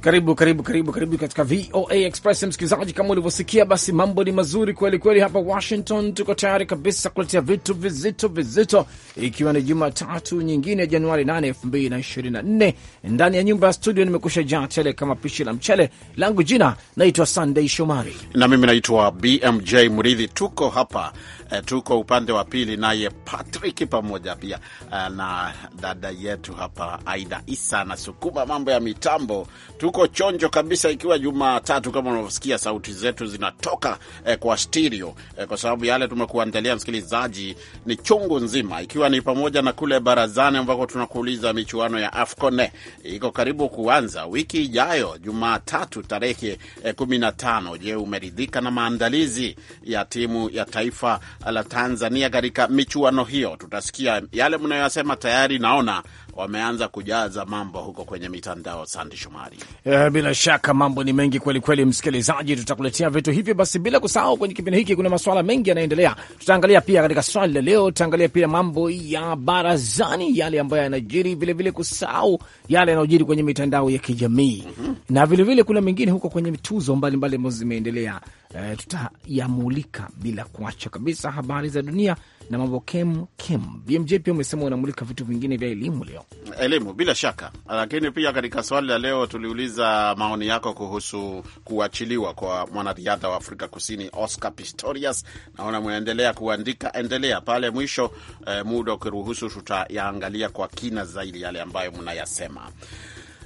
Karibu karibu karibu karibu katika VOA Express msikilizaji, kama ulivyosikia, basi mambo ni mazuri kweli kweli hapa Washington. Tuko tayari kabisa kuletea vitu vizito vizito, ikiwa ni Jumatatu nyingine Januari 8, 2024. Ndani ya nyumba ya studio nimekusha jaa tele kama pishi la mchele langu. Jina naitwa Sunday Shomari na mimi naitwa BMJ Mridhi. Tuko hapa E, tuko upande wa pili naye Patrick pamoja pia eh, na dada yetu hapa Aida Isa anasukuma mambo ya mitambo. Tuko chonjo kabisa, ikiwa Jumatatu kama unavyosikia sauti zetu zinatoka e, kwa stereo e, kwa sababu yale tumekuandalia msikilizaji ni chungu nzima, ikiwa ni pamoja na kule barazani ambako tunakuuliza michuano ya AFCON iko karibu kuanza wiki ijayo Jumatatu tarehe e, 15. Je, umeridhika na maandalizi ya timu ya taifa la Tanzania katika michuano hiyo. Tutasikia yale mnayoyasema. Tayari naona wameanza kujaza mambo huko kwenye mitandao. Sandi Shomari, eh, bila shaka mambo ni mengi kweli kweli, msikilizaji, tutakuletea vitu hivyo. Basi bila kusahau kwenye kipindi hiki kuna masuala mengi yanaendelea, tutaangalia pia katika swali la leo, tutaangalia pia mambo ya barazani, yale ambayo yanajiri, vilevile kusahau yale yanayojiri kwenye mitandao ya kijamii mm -hmm. na vilevile vile kuna mengine huko kwenye tuzo mbalimbali ambazo zimeendelea e, tutayamulika bila kuacha kabisa. Habari za dunia na mambo kem kem. BMJ pia umesema unamulika vitu vingine vya elimu leo, elimu bila shaka, lakini pia katika swali la leo tuliuliza maoni yako kuhusu kuachiliwa kwa mwanariadha wa Afrika Kusini Oscar Pistorius. Naona mnaendelea kuandika, endelea pale mwisho, e, muda ukiruhusu, tutayaangalia kwa kina zaidi yale ambayo mnayasema,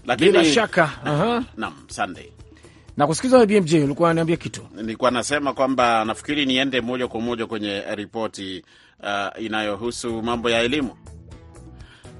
lakini bila shaka, naam, Sunday na kusikiliza BMJ, ulikuwa ananiambia kitu. Nilikuwa nasema kwamba nafikiri niende moja kwa moja kwenye ripoti uh, inayohusu mambo ya elimu.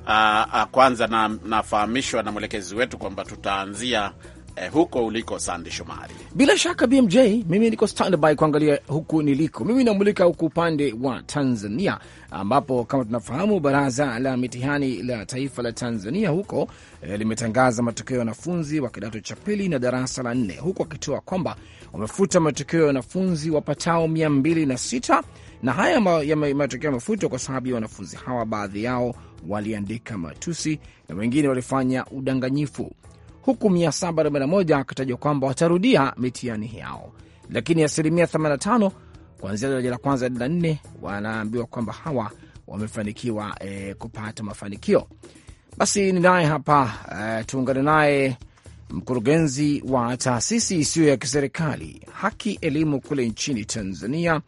Uh, uh kwanza na, nafahamishwa na mwelekezi wetu kwamba tutaanzia eh, huko uliko Sandi Shomari. Bila shaka BMJ, mimi niko standby kuangalia huku niliko. Mimi namulika huku upande wa Tanzania, ambapo kama tunafahamu baraza la mitihani la taifa la Tanzania huko eh, limetangaza matokeo ya wanafunzi wa kidato cha pili na darasa la nne, huku wakitoa kwamba wamefuta matokeo ya wanafunzi wapatao mia mbili na sita na haya matokeo yamefutwa kwa sababu ya wanafunzi hawa, baadhi yao waliandika matusi na wengine walifanya udanganyifu huku 741 wakitajwa kwamba watarudia mitihani yao, lakini asilimia 85 kuanzia daraja la kwanza hadi la nne wanaambiwa kwamba hawa wamefanikiwa e, kupata mafanikio. Basi ni naye hapa e, tuungane naye mkurugenzi wa taasisi isiyo ya kiserikali Haki Elimu kule nchini Tanzania.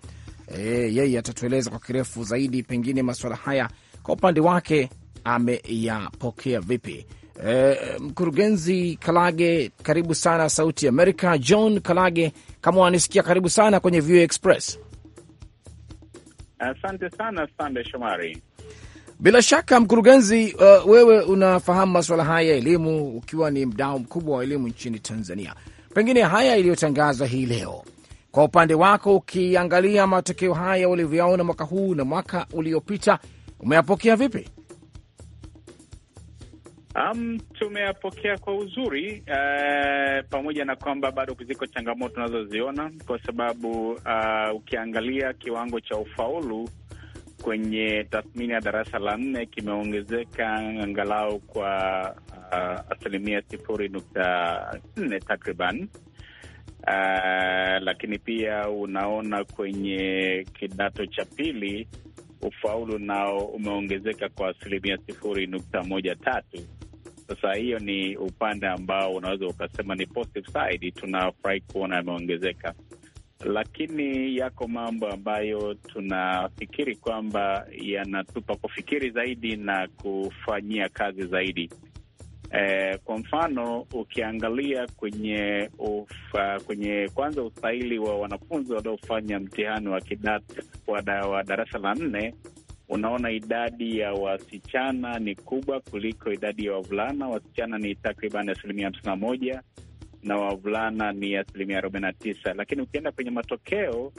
E, yeye atatueleza kwa kirefu zaidi pengine masuala haya kwa upande wake ameyapokea vipi. Eh, mkurugenzi Kalage, karibu sana Sauti ya Amerika. John Kalage, kama wanisikia, karibu sana kwenye VOA Express. Asante sana Sande Shomari. Bila shaka mkurugenzi, uh, wewe unafahamu masuala haya ya elimu, ukiwa ni mdau mkubwa wa elimu nchini Tanzania. Pengine haya iliyotangazwa hii leo, kwa upande wako, ukiangalia matokeo haya ulivyoyaona mwaka huu na mwaka uliopita, umeyapokea vipi? Um, tumeyapokea kwa uzuri uh, pamoja na kwamba bado ziko changamoto tunazoziona kwa sababu uh, ukiangalia kiwango cha ufaulu kwenye tathmini ya darasa la nne kimeongezeka angalau kwa uh, asilimia sifuri nukta nne takriban. Uh, lakini pia unaona kwenye kidato cha pili ufaulu nao umeongezeka kwa asilimia sifuri nukta moja tatu sasa hiyo ni upande ambao unaweza ukasema ni positive side, tunafurahi kuona yameongezeka, lakini yako mambo ambayo tunafikiri kwamba yanatupa kufikiri zaidi na kufanyia kazi zaidi. Eh, kwa mfano ukiangalia kwenye ufa, kwenye kwanza ustahili wa wanafunzi waliofanya mtihani wa kidat wa darasa la nne unaona idadi ya wasichana ni kubwa kuliko idadi ya wavulana. Wasichana ni takriban asilimia hamsini na moja na wavulana ni asilimia arobaini na tisa lakini ukienda kwenye matokeo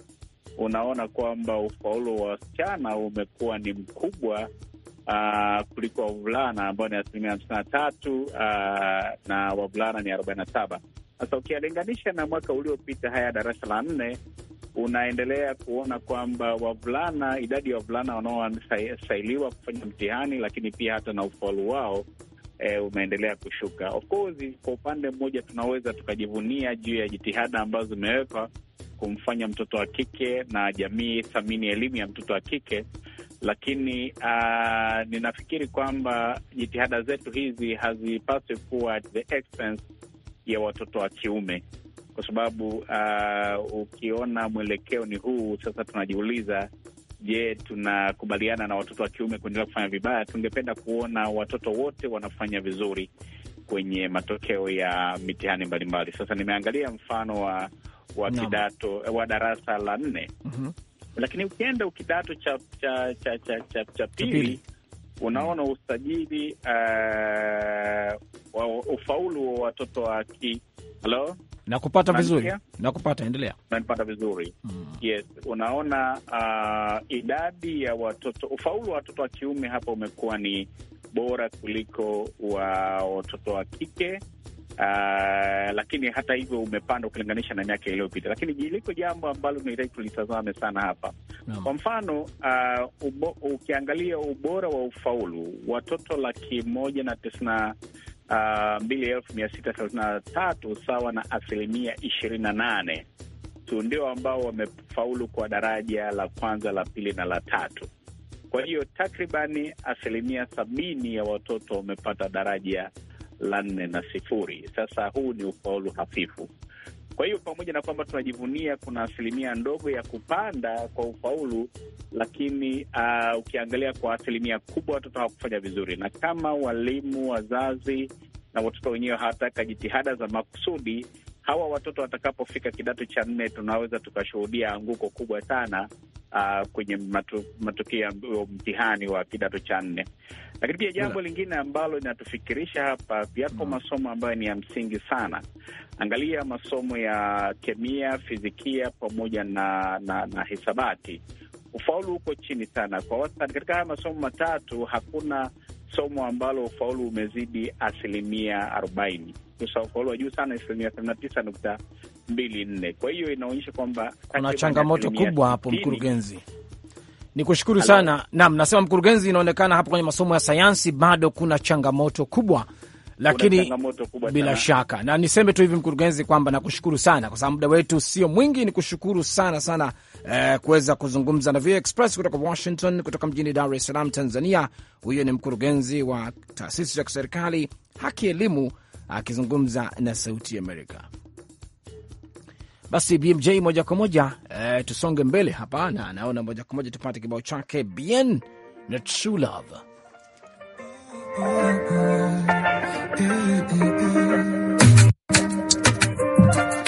unaona kwamba ufaulu wa wasichana umekuwa ni mkubwa uh, kuliko wavulana ambao ni asilimia hamsini na tatu uh, na wavulana ni arobaini na saba. Sasa ukialinganisha na mwaka uliopita, haya darasa la nne unaendelea kuona kwamba wavulana, idadi ya wavulana wanaosailiwa kufanya mtihani, lakini pia hata na ufaulu wao E, umeendelea kushuka. Of course, kwa upande mmoja tunaweza tukajivunia juu ya jitihada ambazo zimewekwa kumfanya mtoto wa kike na jamii thamini elimu ya mtoto wa kike, lakini uh, ninafikiri kwamba jitihada zetu hizi hazipaswi kuwa at the expense ya watoto wa kiume kwa sababu uh, ukiona mwelekeo ni huu sasa, tunajiuliza je, tunakubaliana na watoto wa kiume kuendelea kufanya vibaya? Tungependa kuona watoto wote wanafanya vizuri kwenye matokeo ya mitihani mbalimbali. Sasa nimeangalia mfano wa wa kidato wa darasa la nne mm -hmm. Lakini ukienda kidato cha cha cha cha, cha, cha pili unaona usajili uh, ufaulu wa watoto wa ki halo Nakupata vizuri, nakupata, endelea. Nanipata vizuri mm. Yes, unaona uh, idadi ya watoto, ufaulu wa watoto wa kiume hapa umekuwa ni bora kuliko wa watoto wa kike uh, lakini hata hivyo umepanda ukilinganisha na miaka iliyopita, lakini liko jambo ambalo tunahitaji tulitazame sana hapa mm. Kwa mfano uh, ubo, ukiangalia ubora wa ufaulu watoto laki moja na tisini Ah, mbili elfu mia sita thelathini na tatu sawa na asilimia ishirini na nane tu ndio ambao wamefaulu kwa daraja la kwanza, la pili na la tatu. Kwa hiyo takribani asilimia sabini ya watoto wamepata daraja la nne na sifuri. Sasa huu ni ufaulu hafifu. Kwa hiyo pamoja na kwamba tunajivunia kuna asilimia ndogo ya kupanda kwa ufaulu, lakini uh, ukiangalia kwa asilimia kubwa watoto hawakufanya vizuri, na kama walimu, wazazi na watoto wenyewe hawataka jitihada za makusudi, hawa watoto watakapofika kidato cha nne tunaweza tukashuhudia anguko kubwa sana uh, kwenye matokeo ya mtihani wa kidato cha nne. Lakini pia jambo lingine ambalo linatufikirisha hapa, yapo mm. masomo ambayo ni ya msingi sana. Angalia masomo ya kemia, fizikia pamoja na, na, na hisabati. Ufaulu huko chini sana kwa wastani katika haya masomo matatu. Hakuna somo ambalo ufaulu umezidi asilimia arobaini kusa ufaulu wa juu sana asilimia thelathini na tisa nukta mbili nne. Kwa hiyo inaonyesha kwamba kuna changamoto kubwa hapo, mkurugenzi. Ni kushukuru sana. nam nasema mkurugenzi, inaonekana hapo kwenye masomo ya sayansi bado kuna changamoto kubwa lakini bila shaka na niseme tu hivi mkurugenzi, kwamba nakushukuru sana kwa sababu muda wetu sio mwingi. Ni kushukuru sana sana eh, kuweza kuzungumza na VOA Express kutoka Washington, kutoka mjini Dar es Salaam, Tanzania. Huyo ni mkurugenzi wa taasisi ya kiserikali Haki Elimu akizungumza na Sauti Amerika. Basi BMJ moja kwa moja eh, tusonge mbele hapa, na naona moja kwa moja tupate kibao chake Bien na True Love. Yeah, mm-hmm. yeah,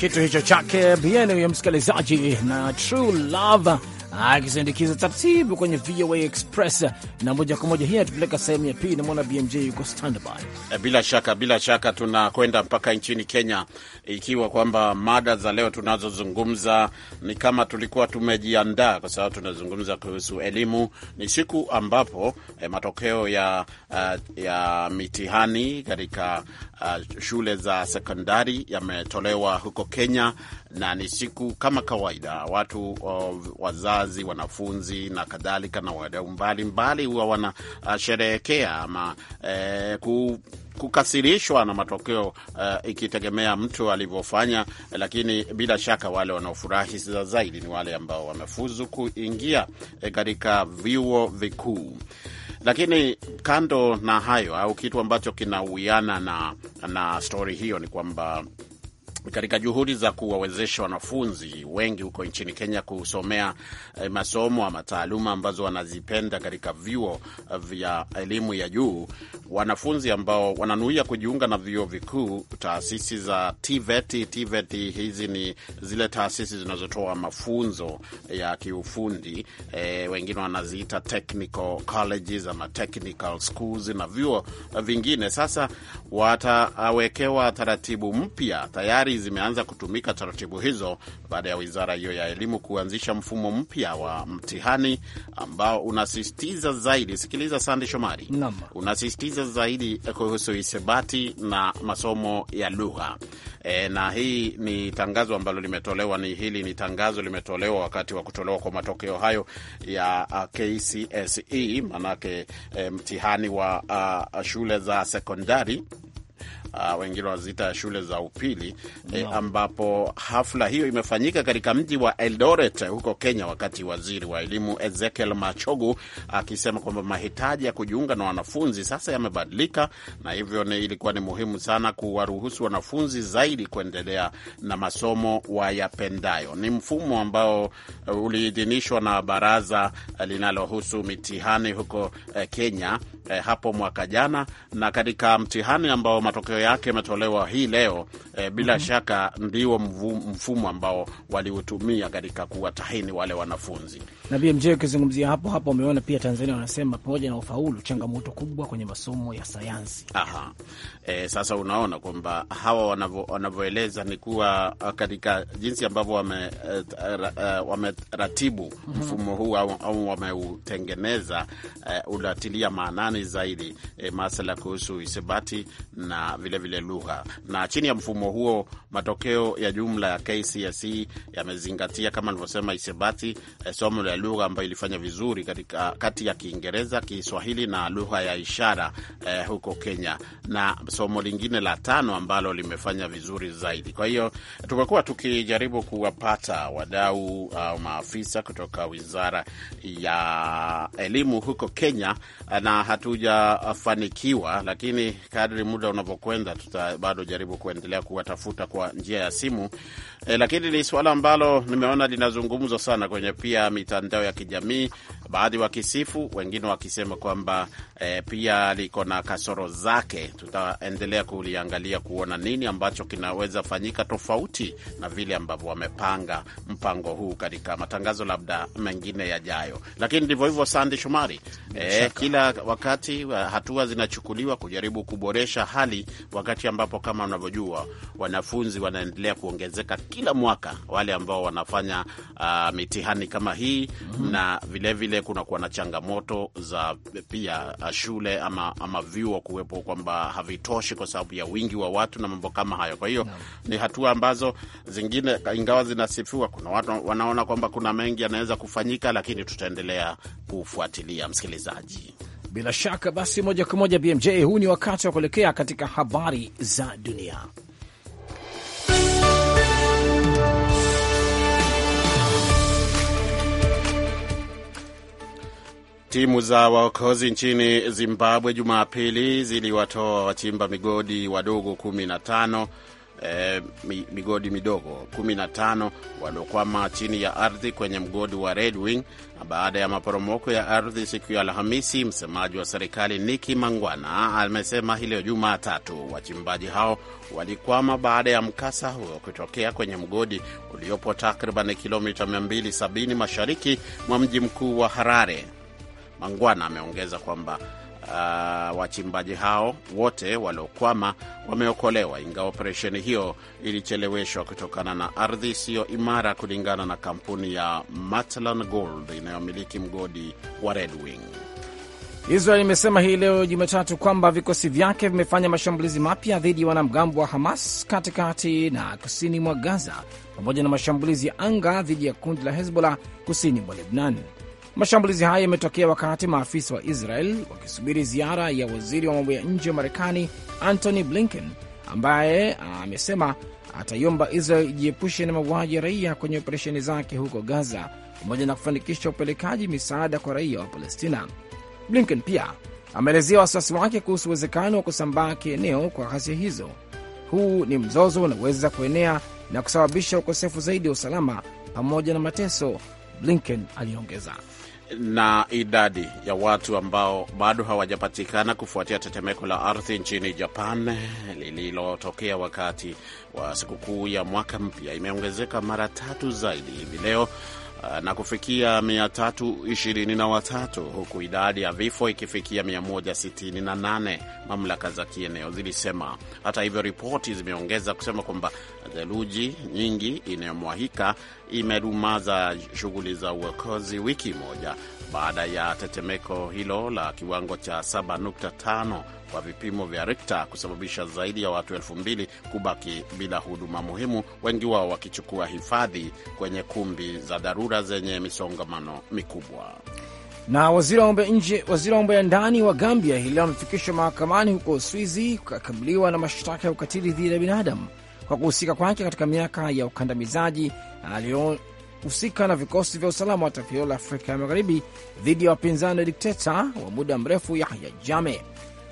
kitu hicho chake Bien ya msikilizaji, na True Love akisindikiza taratibu kwenye VOA Express na moja kwa moja. Hii atupeleka sehemu ya pili, namwona BMJ yuko standby. E, bila shaka, bila shaka tunakwenda mpaka nchini Kenya, ikiwa kwamba mada za leo tunazozungumza ni kama tulikuwa tumejiandaa, kwa sababu tunazungumza kuhusu elimu. Ni siku ambapo eh, matokeo ya, e, ya mitihani katika uh, shule za sekondari yametolewa huko Kenya, na ni siku kama kawaida watu uh, wazazi, wanafunzi na kadhalika na wadau mbalimbali huwa wanasherehekea ama eh, ku kukasirishwa na matokeo uh, ikitegemea mtu alivyofanya, lakini bila shaka wale wanaofurahi zaidi ni wale ambao wamefuzu kuingia eh, katika vyuo vikuu. Lakini kando na hayo, au kitu ambacho kinawiana na, na stori hiyo ni kwamba katika juhudi za kuwawezesha wanafunzi wengi huko nchini Kenya kusomea eh, masomo ama taaluma ambazo wanazipenda katika vyuo eh, vya elimu ya juu. Wanafunzi ambao wananuia kujiunga na vyuo vikuu, taasisi za TVET. TVET hizi ni zile taasisi zinazotoa mafunzo ya kiufundi eh, wengine wanaziita technical colleges ama technical schools na vyuo vingine, sasa watawekewa taratibu mpya tayari zimeanza kutumika taratibu hizo baada ya wizara hiyo ya elimu kuanzisha mfumo mpya wa mtihani ambao unasisitiza zaidi, sikiliza Sande Shomari, unasisitiza zaidi kuhusu hisabati na masomo ya lugha. E, na hii ni tangazo ambalo limetolewa ni hili ni tangazo limetolewa wakati wa kutolewa kwa matokeo hayo ya uh, KCSE, maanake e, mtihani wa a, uh, shule za sekondari uh, wengine wanaziita shule za upili no. eh, ambapo hafla hiyo imefanyika katika mji wa Eldoret eh, huko Kenya, wakati waziri wa elimu Ezekiel Machogu akisema uh, kwamba mahitaji ya kujiunga na wanafunzi sasa yamebadilika, na hivyo ni ilikuwa ni muhimu sana kuwaruhusu wanafunzi zaidi kuendelea na masomo wayapendayo. Ni mfumo ambao uh, uliidhinishwa na baraza uh, linalohusu mitihani huko uh, Kenya uh, hapo mwaka jana, na katika mtihani ambao matokeo matokeo yake yametolewa hii leo eh, bila mm -hmm. shaka ndio mfumo ambao waliutumia katika kuwatahini wale wanafunzi. Na BMJ ukizungumzia hapo hapo, umeona pia Tanzania wanasema pamoja na ufaulu, changamoto kubwa kwenye masomo ya sayansi. Aha. Eh, sasa unaona kwamba hawa wanavyoeleza ni kuwa eh, katika jinsi ambavyo eh, eh, wameratibu uh, uh, wame mfumo huu au, au wameutengeneza uh, unatilia maanani zaidi eh, masala kuhusu hisabati na vilevile lugha. Na chini ya mfumo huo, matokeo ya jumla ya KCSE yamezingatia kama alivyosema Isebati, eh, somo la lugha ambayo ilifanya vizuri katika kati ya Kiingereza, Kiswahili na lugha ya ishara eh, huko Kenya, na somo lingine la tano ambalo limefanya vizuri zaidi. Kwa hiyo tumekuwa tukijaribu kuwapata wadau au uh, maafisa kutoka wizara ya elimu huko Kenya eh, na hatujafanikiwa, lakini kadri muda unavyokwenda huenda tuta bado jaribu kuendelea kuwatafuta kwa njia ya simu e, lakini ni suala ambalo nimeona linazungumzwa sana kwenye pia mitandao ya kijamii, baadhi wakisifu, wengine wakisema kwamba e, pia liko na kasoro zake. Tutaendelea kuliangalia kuona nini ambacho kinaweza fanyika tofauti na vile ambavyo wamepanga mpango huu katika matangazo labda mengine yajayo, lakini ndivyo hivyo. Sandi Shumari, e, eh, kila wakati hatua zinachukuliwa kujaribu kuboresha hali wakati ambapo kama unavyojua wanafunzi wanaendelea kuongezeka kila mwaka, wale ambao wanafanya uh, mitihani kama hii mm -hmm. na vilevile kunakuwa na changamoto za pia uh, shule ama, ama vyuo kuwepo kwamba havitoshi kwa sababu ya wingi wa watu na mambo kama hayo. Kwa hiyo no. ni hatua ambazo zingine ingawa zinasifiwa, kuna watu wanaona kwamba kuna mengi yanaweza kufanyika, lakini tutaendelea kufuatilia msikilizaji. Bila shaka basi, moja kwa moja BMJ, huu ni wakati wa kuelekea katika habari za dunia. Timu za waokozi nchini Zimbabwe Jumapili ziliwatoa wachimba migodi wadogo kumi na tano eh, migodi midogo 15 waliokwama chini ya ardhi kwenye mgodi wa Red Wing baada ya maporomoko ya ardhi siku ya Alhamisi. Msemaji wa serikali Niki Mangwana amesema hilo leo Jumatatu wachimbaji hao walikwama baada ya mkasa huo kutokea kwenye mgodi uliopo takriban kilomita 270 mashariki mwa mji mkuu wa Harare. Mangwana ameongeza kwamba uh, wachimbaji hao wote waliokwama wameokolewa, ingawa operesheni hiyo ilicheleweshwa kutokana na ardhi isiyo imara, kulingana na kampuni ya Matlan Gold inayomiliki mgodi wa Red Wing. Israel imesema hii leo Jumatatu kwamba vikosi vyake vimefanya mashambulizi mapya dhidi ya wanamgambo wa Hamas katikati na kusini mwa Gaza, pamoja na mashambulizi ya anga dhidi ya kundi la Hezbollah kusini mwa Lebnan. Mashambulizi hayo yametokea wakati maafisa wa Israel wakisubiri ziara ya waziri wa mambo ya nje wa Marekani Antony Blinken, ambaye amesema ataiomba Israel ijiepushe na mauaji ya raia kwenye operesheni zake huko Gaza, pamoja na kufanikisha upelekaji misaada kwa raia wa Palestina. Blinken pia ameelezea wasiwasi wake kuhusu uwezekano wa kusambaa kieneo kwa ghasia hizo. Huu ni mzozo unaweza kuenea na kusababisha ukosefu zaidi wa usalama pamoja na mateso, Blinken aliongeza na idadi ya watu ambao bado hawajapatikana kufuatia tetemeko la ardhi nchini Japan lililotokea wakati wa sikukuu ya mwaka mpya imeongezeka mara tatu zaidi hivi leo uh, na kufikia 323 huku idadi ya vifo ikifikia 168, mamlaka za kieneo zilisema. Hata hivyo, ripoti zimeongeza kusema kwamba Theluji nyingi inayomwahika imedumaza shughuli za uokozi wiki moja baada ya tetemeko hilo la kiwango cha 7.5 kwa vipimo vya Richter kusababisha zaidi ya watu elfu mbili kubaki bila huduma muhimu, wengi wao wakichukua hifadhi kwenye kumbi za dharura zenye misongamano mikubwa. Na waziri wa mambo ya ndani wa Gambia hii leo amefikishwa mahakamani huko Uswizi kukakabiliwa na mashtaka ya ukatili dhidi ya binadamu kwa kuhusika kwake katika miaka ya ukandamizaji aliyohusika na vikosi vya usalama wa taifa hilo la Afrika ya Magharibi dhidi ya wapinzani wa dikteta wa muda mrefu Yahya jame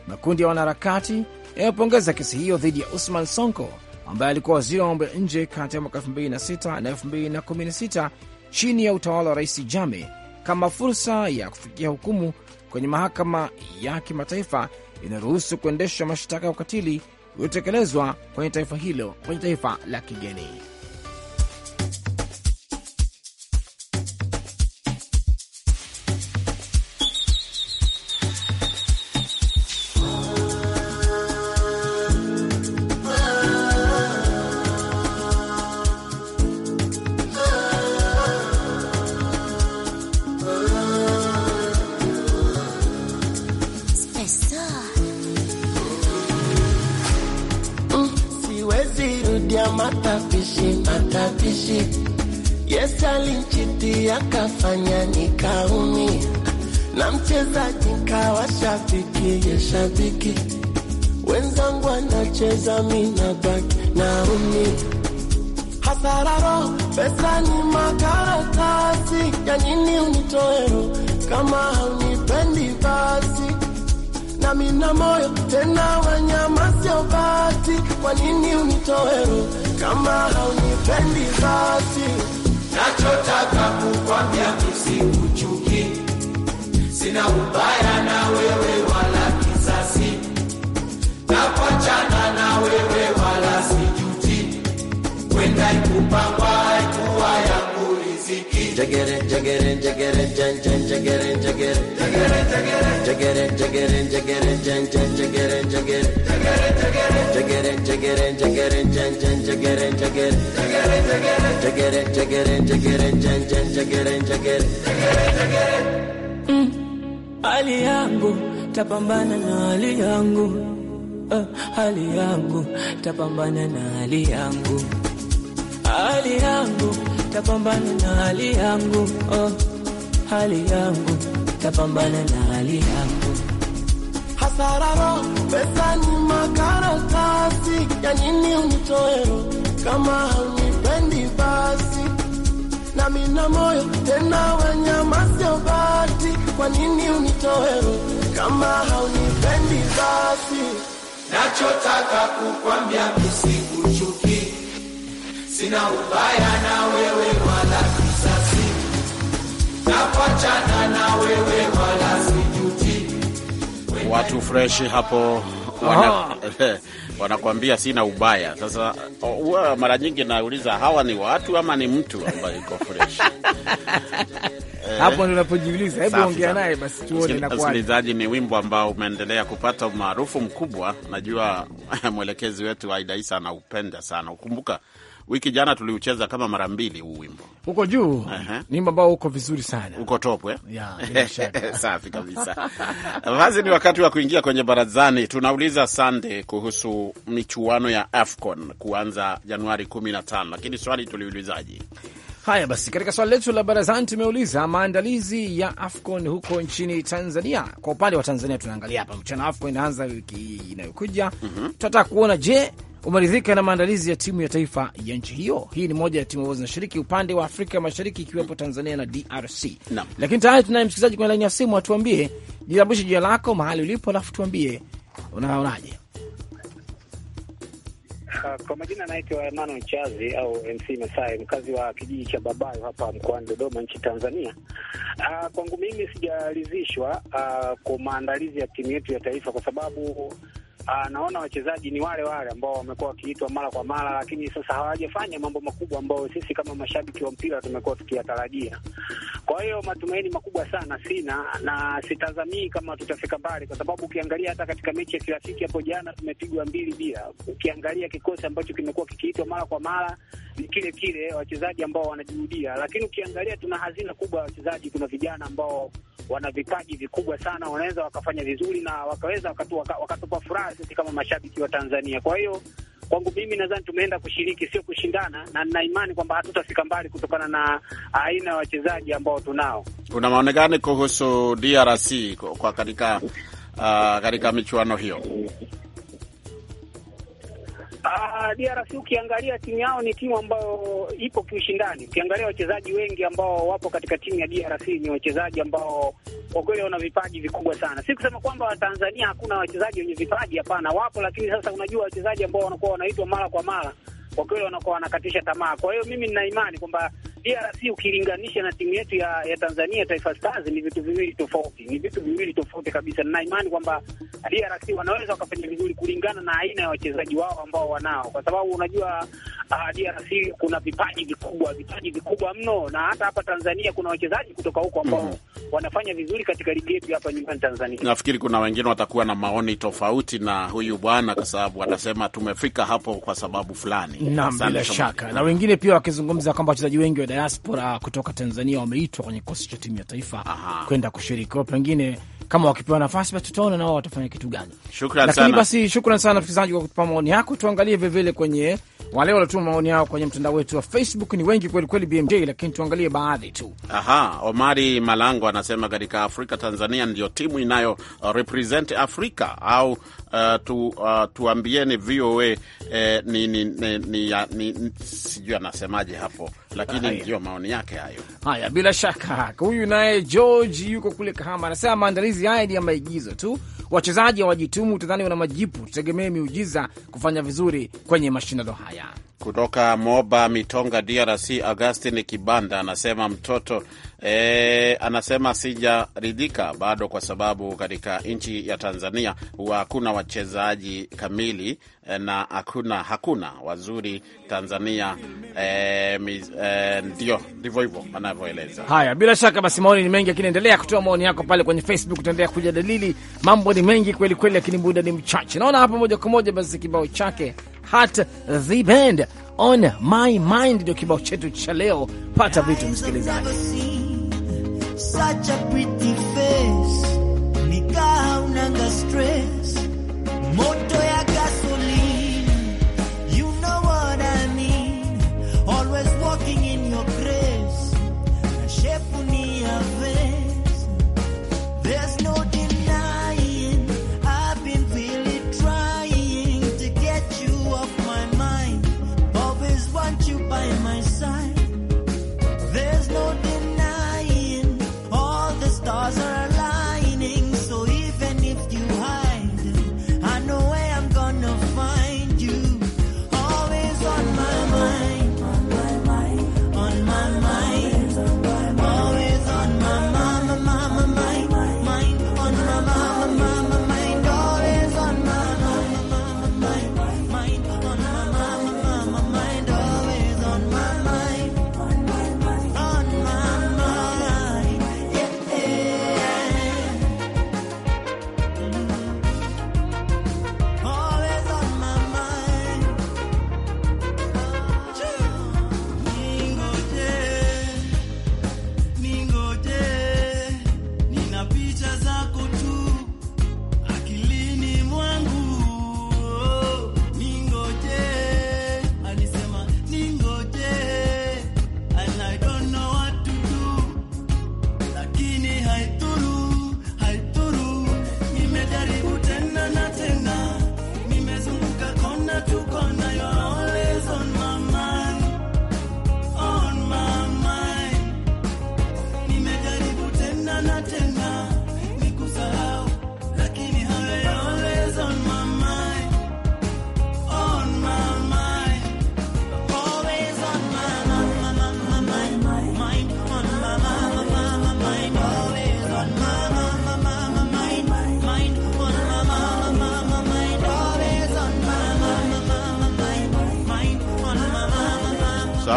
Makundi ya wanaharakati yamepongeza kesi hiyo dhidi ya Usman Sonko ambaye alikuwa waziri wa mambo ya nje kati ya mwaka 2006 na 2016 chini ya utawala wa Rais jame kama fursa ya kufikia hukumu kwenye mahakama ya kimataifa inayoruhusu kuendesha mashtaka ya ukatili uliotekelezwa kwenye taifa hilo, kwenye taifa la kigeni. vitamina baki na umi hasararo pesa ni makaratasi ya nini unitoero kama haunipendi basi nami na moyo tena wanyama sio bati kwa nini unitoero kama haunipendi basi nachotaka kukwambia nisikuchuki sina ubaya na wewe wala kisasi na kuachana wewe wala sijuti, wenda ikupangwa haikuwa yangu riziki. Jegere jegere jegere jen jen jegere jegere jegere jegere jegere jegere jen jen jegere jegere jegere jegere jegere jen jen jegere jegere jegere jegere jegere jen jen jegere jegere jegere. Mm. Hali yangu tapambana na hali yangu uh, hali yangu tapambana na hali yangu, hali yangu tapambana na hali yangu uh, hali yangu tapambana na hali yangu hasararo pesa ni makaratasi ya nini unitoero kama unipendi basi na mina moyo tena wanyama sio bati kwa nini unitoero kama haunipendi basi nachotaka kukwambia misikuchuki, sina ubaya na wewe wala kisasi, napachana na wewe wala sijuti. Watu fresh hapo wana, wanakwambia sina ubaya. Sasa huwa mara nyingi nauliza hawa ni watu ama ni mtu ambaye iko fresh Eh, Hapo ndio unapojiuliza, hebu ongea naye basi tuone Na inakuwa. Msikilizaji, ni wimbo ambao umeendelea kupata umaarufu mkubwa. Najua mwelekezi wetu Aida Isa anaupenda sana. Ukumbuka wiki jana tuliucheza kama mara mbili huu wimbo huko juu. uh -huh. Ni wimbo ambao uko vizuri sana, uko top eh? safi kabisa. Basi ni wakati wa kuingia kwenye barazani. Tunauliza Sande kuhusu michuano ya AFCON kuanza Januari 15, lakini swali tuliulizaji Haya basi, katika swali letu la barazani tumeuliza maandalizi ya AFCON huko nchini Tanzania. Kwa upande wa Tanzania tunaangalia hapa mchana, AFCON inaanza wiki inayokuja. mm -hmm. Tunataka kuona, je, umeridhika na maandalizi ya timu ya taifa ya nchi hiyo? Hii ni moja ya timu ambazo zinashiriki upande wa Afrika Mashariki, ikiwepo Tanzania na DRC no. Lakini tayari tunaye msikilizaji kwenye laini ya simu, atuambie, jitambulishe jina lako, mahali ulipo, alafu tuambie unaonaje. Uh, kwa majina anaitwa Emmanuel Chazi au MC Masai, mkazi wa kijiji cha Babayo hapa mkoani Dodoma nchi Tanzania. Uh, kwangu mimi sijaridhishwa uh, kwa maandalizi ya timu yetu ya taifa kwa sababu Uh, naona wachezaji ni wale wale ambao wamekuwa wakiitwa mara kwa mara, lakini sasa hawajafanya mambo makubwa ambayo sisi kama mashabiki wa mpira tumekuwa tukiyatarajia. Kwa hiyo matumaini makubwa sana sina na sitazamii kama tutafika mbali, kwa sababu ukiangalia hata katika mechi ya kirafiki hapo jana tumepigwa mbili bila. Ukiangalia kikosi ambacho kimekuwa kikiitwa mara kwa mara kile kile, wachezaji ambao wanajirudia, lakini ukiangalia tuna hazina kubwa ya wachezaji. Kuna vijana ambao wana vipaji vikubwa sana, wanaweza wakafanya vizuri na wakaweza wakatupa waka, furaha sisi kama mashabiki wa Tanzania. Kwa hiyo kwangu mimi nadhani tumeenda kushiriki, sio kushindana, na nina imani kwamba hatutafika mbali kutokana na aina ya wachezaji ambao tunao. Una maoni gani kuhusu DRC kwa katika uh, katika michuano hiyo? Ah, DRC ukiangalia timu yao ni timu ambayo ipo kiushindani. Ukiangalia wachezaji wengi ambao wapo katika timu ya DRC ni wachezaji ambao kwa kweli wana vipaji vikubwa sana. Si kusema kwamba Tanzania hakuna wachezaji wenye vipaji, hapana, wapo, lakini sasa unajua wachezaji ambao wanakuwa wanaitwa mara kwa mara kwa kweli wanakuwa wanakatisha tamaa. Kwa hiyo mimi nina imani kwamba DRC ukilinganisha na timu yetu ya, ya Tanzania Taifa Stars ni vitu viwili tofauti, ni vitu viwili tofauti kabisa. Na imani kwamba DRC wanaweza wakafanya vizuri kulingana na aina ya wachezaji wao ambao wanao, kwa sababu unajua uh, ah, DRC kuna vipaji vikubwa, vipaji vikubwa mno, na hata hapa Tanzania kuna wachezaji kutoka huko ambao mm -hmm. wanafanya vizuri katika ligi yetu hapa nyumbani Tanzania. Nafikiri kuna wengine watakuwa na maoni tofauti na huyu bwana, kwa sababu watasema tumefika hapo kwa sababu fulani. bila shaka, na wengine pia wakizungumza kwamba wachezaji wengi wa diaspora kutoka Tanzania wameitwa kwenye kikosi cha timu ya taifa kwenda kushiriki pengine kama wakipewa nafasi basi tutaona nao watafanya kitu gani. lakini sana. Basi shukran sana msikilizaji kwa kutupa maoni yako. Tuangalie vilevile kwenye wale waliotuma maoni yao kwenye mtandao wetu wa Facebook, ni wengi kwelikweli BMJ, lakini tuangalie baadhi tu. Aha, Omari Malango anasema katika Afrika Tanzania ndio timu inayo uh, represent Afrika au uh, tu, uh, tuambieni VOA eh, ni, ni, ni, ni, ni, sijui anasemaje hapo, lakini ndio maoni yake hayo. Haya, bila shaka huyu naye George yuko kule Kahama anasema maandalizi haya ni ya maigizo tu, wachezaji hawajitumu, tudhani wana majipu, tutegemee miujiza kufanya vizuri kwenye mashindano haya. Kutoka Moba Mitonga, DRC, Augustin Kibanda anasema mtoto e, anasema sijaridhika bado, kwa sababu katika nchi ya Tanzania huwa hakuna wachezaji kamili e, na hakuna hakuna wazuri Tanzania. E, e, ndio ndivyo hivyo anavyoeleza. Haya, bila shaka basi maoni ni mengi, lakini endelea kutoa maoni yako pale kwenye Facebook, utaendelea kuja dalili. Mambo ni mengi kweli kweli, lakini muda ni mchache. Naona hapa moja kwa moja basi kibao chake Hat the band on my mind ndio kibao chetu cha leo. Pata vitu msikilizaji. such a pretty face. Nika haunanga stress. Mot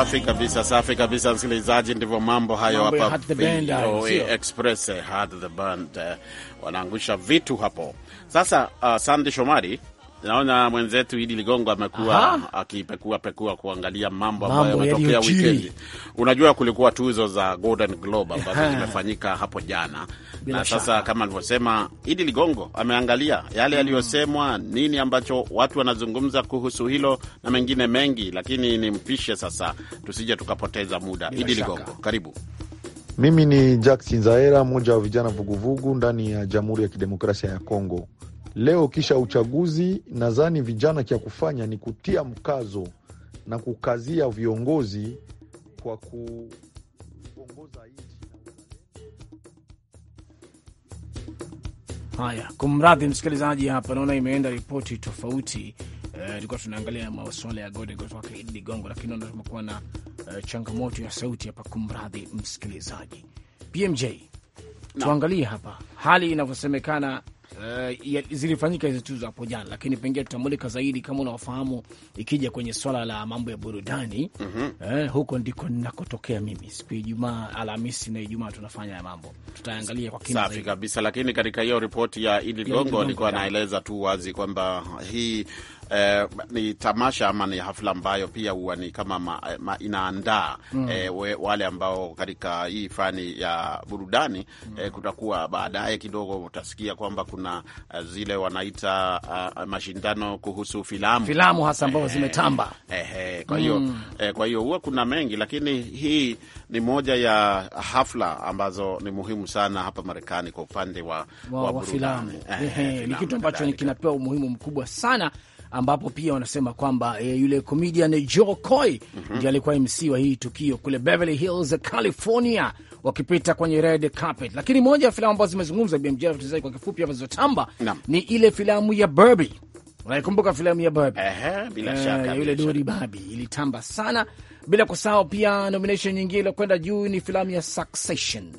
Safi kabisa, safi kabisa, msikilizaji, ndivyo mambo hayo hapa Express, Hard the Band eh, eh, wanaangusha vitu hapo sasa. Uh, Sande Shomari Naona mwenzetu Idi Ligongo amekuwa akipekua pekua kuangalia mambo ambayo yametokea wikendi. Unajua, kulikuwa tuzo za Golden Globe ambazo zimefanyika hapo jana Bila na sasa shaka. Kama alivyosema Idi Ligongo ameangalia yale mm. yaliyosemwa, nini ambacho watu wanazungumza kuhusu hilo na mengine mengi, lakini nimpishe sasa, tusije tukapoteza muda. Bila Idi shaka. Ligongo, karibu. Mimi ni Jackson Zaera, mmoja wa vijana vuguvugu ndani ya Jamhuri ya Kidemokrasia ya Kongo. Leo kisha uchaguzi, nadhani vijana cha kufanya ni kutia mkazo na kukazia viongozi kwa kuongoza nchi. Haya, kumradhi msikilizaji, hapa naona imeenda ripoti tofauti. Eh, tulikuwa uh, tunaangalia masuala ya gode kutoka Idi Ligongo, lakini naona tumekuwa na uh, changamoto ya sauti hapa. Kumradhi msikilizaji. PMJ, tuangalie hapa hali inavyosemekana uh, zilifanyika hizi tuzo hapo jana, lakini pengine tutamulika zaidi kama unawafahamu, ikija kwenye swala la mambo ya burudani mm -hmm. uh, huko ndiko ninakotokea mimi. Siku ya Ijumaa, Alhamisi na Ijumaa tunafanya ya mambo, tutaangalia kwa kina safi kabisa. Lakini katika hiyo ripoti ya Idi Ligongo alikuwa anaeleza tu wazi kwamba hii eh, ni tamasha ama ni hafla ambayo pia huwa ni kama ma, eh, ma inaandaa mm. eh, wale ambao katika hii fani ya burudani mm. eh, kutakuwa baadaye kidogo utasikia kwamba kuna eh, zile wanaita uh, mashindano kuhusu filamu filamu hasa ambazo eh, zimetamba eh, eh, kwa hiyo mm. eh, kwa hiyo huwa kuna mengi, lakini hii ni moja ya hafla ambazo ni muhimu sana hapa Marekani kwa upande wa, wa, wa, wa filamu eh, eh, ni kitu ambacho kinapewa umuhimu mkubwa sana ambapo pia wanasema kwamba e, yule comedian Joe Coy mm -hmm. ndiye alikuwa MC wa hii tukio kule Beverly Hills, California, wakipita kwenye red carpet. Lakini moja ya filamu ambazo zimezungumza BMJ mchezaji kwa kifupi hapa zilizotamba ni ile filamu ya Barbie. Unaikumbuka filamu ya Barbie? Aha, bila uh, shaka yule Dori Barbie ilitamba sana, bila kusahau pia nomination nyingine iliyokwenda juu ni filamu ya Succession.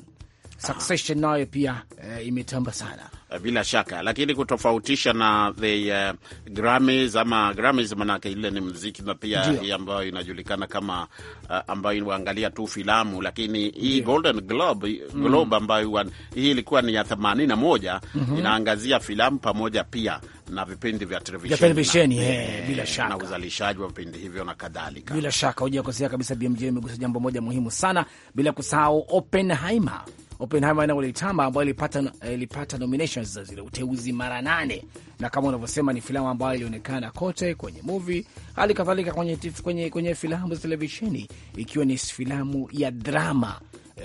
Succession nayo pia uh, imetamba sana eh, bila shaka, lakini kutofautisha na the uh, Grammys ama Grammys, manake ile ni mziki na pia hii ambayo inajulikana kama uh, ambayo inaangalia tu filamu, lakini hii Jio. Golden Globe, mm. Globe mm. ambayo hii ilikuwa ni ya 81 mm -hmm. inaangazia filamu pamoja pia na vipindi vya televisheni yeah, bila shaka na uzalishaji wa vipindi hivyo na kadhalika. Bila shaka hujakosea kabisa, BMJ imegusa jambo moja muhimu sana, bila kusahau Oppenheimer Oppenheimer na Ulitamba ambayo ilipata, ilipata nominations za zile uteuzi mara nane, na kama unavyosema ni filamu ambayo ilionekana kote kwenye movie, hali kadhalika kwenye, kwenye, kwenye filamu za televisheni ikiwa ni filamu ya drama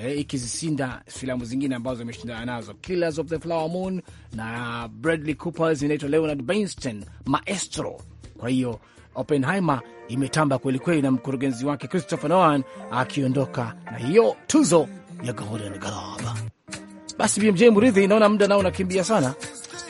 E, ikizisinda filamu zingine ambazo imeshindana nazo Killers of the Flower Moon na Bradley Coopers inaitwa Leonard Bernstein Maestro. Kwa hiyo Oppenheimer imetamba kwelikweli, na mkurugenzi wake Christopher Nolan akiondoka na hiyo tuzo ni yakahoranagaraba. Basi BMJ Mridhi, naona muda nao unakimbia sana.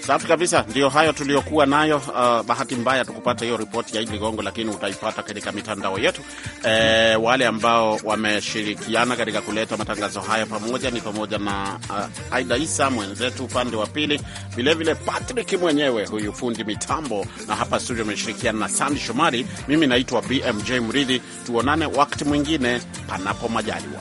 Safi kabisa, ndio hayo tuliyokuwa nayo. Uh, bahati mbaya tukupata hiyo ripoti ya Idi Gongo, lakini utaipata katika mitandao yetu. E, wale ambao wameshirikiana katika kuleta matangazo haya pamoja ni pamoja na uh, Aida Isa mwenzetu upande wa pili, vilevile Patrick mwenyewe huyu fundi mitambo, na hapa studio ameshirikiana na Sandi Shomari. Mimi naitwa BMJ Mridhi, tuonane wakati mwingine panapo majaliwa.